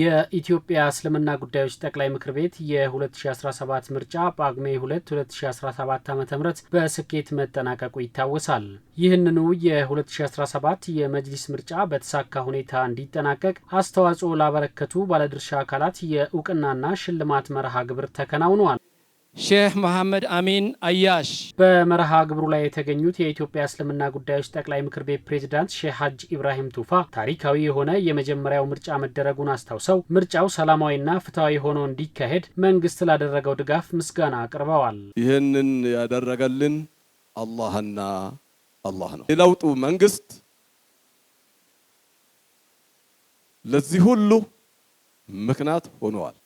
የኢትዮጵያ እስልምና ጉዳዮች ጠቅላይ ምክር ቤት የ2017 ምርጫ ጳጉሜ 2 2017 ዓ ም በስኬት መጠናቀቁ ይታወሳል። ይህንኑ የ2017 የመጅሊስ ምርጫ በተሳካ ሁኔታ እንዲጠናቀቅ አስተዋጽኦ ላበረከቱ ባለድርሻ አካላት የእውቅናና ሽልማት መርሃ ግብር ተከናውኗል። ሼህ መሐመድ አሚን አያሽ በመርሃ ግብሩ ላይ የተገኙት የኢትዮጵያ እስልምና ጉዳዮች ጠቅላይ ምክር ቤት ፕሬዝዳንት ሼህ ሀጅ ኢብራሂም ቱፋ ታሪካዊ የሆነ የመጀመሪያው ምርጫ መደረጉን አስታውሰው ምርጫው ሰላማዊና ፍትሐዊ ሆኖ እንዲካሄድ መንግስት ላደረገው ድጋፍ ምስጋና አቅርበዋል። ይህንን ያደረገልን አላህና አላህ ነው። የለውጡ መንግስት ለዚህ ሁሉ ምክንያት ሆነዋል።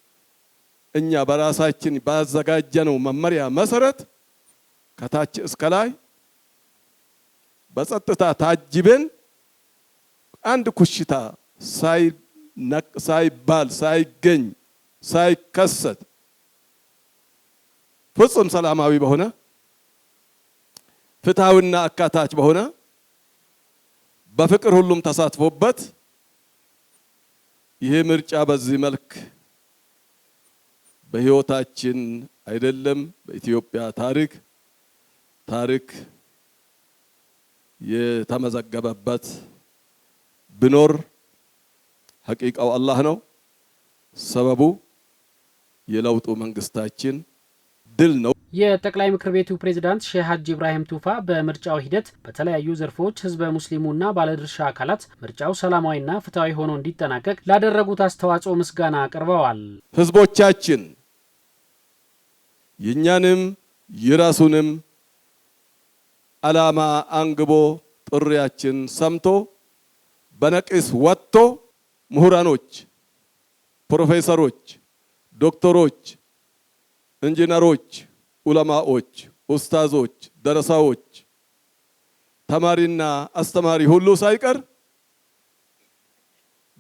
እኛ በራሳችን ባዘጋጀነው መመሪያ መሰረት ከታች እስከ ላይ በጸጥታ ታጅበን አንድ ኩሽታ ሳይባል ሳይገኝ ሳይከሰት ፍጹም ሰላማዊ በሆነ ፍትሐዊና አካታች በሆነ በፍቅር ሁሉም ተሳትፎበት ይሄ ምርጫ በዚህ መልክ በህይወታችን አይደለም በኢትዮጵያ ታሪክ ታሪክ የተመዘገበበት ብኖር ሐቂቃው አላህ ነው። ሰበቡ የለውጡ መንግስታችን ድል ነው። የጠቅላይ ምክር ቤቱ ፕሬዝዳንት ሼህ ሀጂ ኢብራሂም ቱፋ በምርጫው ሂደት በተለያዩ ዘርፎች ህዝበ ሙስሊሙና ባለድርሻ አካላት ምርጫው ሰላማዊና ፍትሐዊ ሆኖ እንዲጠናቀቅ ላደረጉት አስተዋጽኦ ምስጋና አቅርበዋል። ህዝቦቻችን የእኛንም የራሱንም ዓላማ አንግቦ ጥሪያችን ሰምቶ በነቂስ ወጥቶ ምሁራኖች፣ ፕሮፌሰሮች፣ ዶክተሮች፣ ኢንጂነሮች፣ ዑለማዎች፣ ኡስታዞች፣ ደረሳዎች፣ ተማሪና አስተማሪ ሁሉ ሳይቀር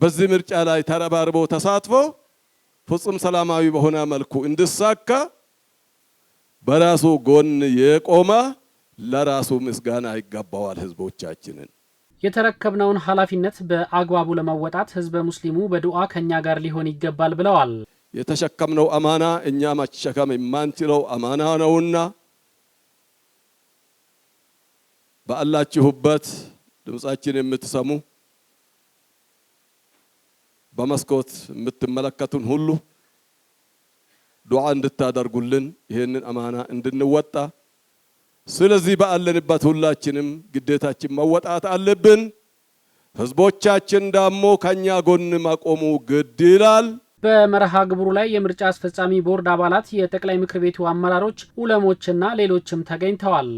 በዚህ ምርጫ ላይ ተረባርቦ ተሳትፎ ፍጹም ሰላማዊ በሆነ መልኩ እንድሳካ በራሱ ጎን የቆመ ለራሱ ምስጋና ይገባዋል። ህዝቦቻችንን የተረከብነውን ኃላፊነት በአግባቡ ለመወጣት ህዝበ ሙስሊሙ በዱዓ ከእኛ ጋር ሊሆን ይገባል ብለዋል። የተሸከምነው አማና እኛ መሸከም የማንችለው አማና ነውና በአላችሁበት ድምፃችን የምትሰሙ በመስኮት የምትመለከቱን ሁሉ ዱዓ እንድታደርጉልን ይህንን አማና እንድንወጣ ስለዚህ ባለንበት ሁላችንም ግዴታችን መወጣት አለብን። ህዝቦቻችን ደግሞ ከኛ ጎን መቆሙ ግድ ይላል። በመርሃ ግብሩ ላይ የምርጫ አስፈጻሚ ቦርድ አባላት፣ የጠቅላይ ምክር ቤቱ አመራሮች፣ ኡለሞችና ሌሎችም ተገኝተዋል።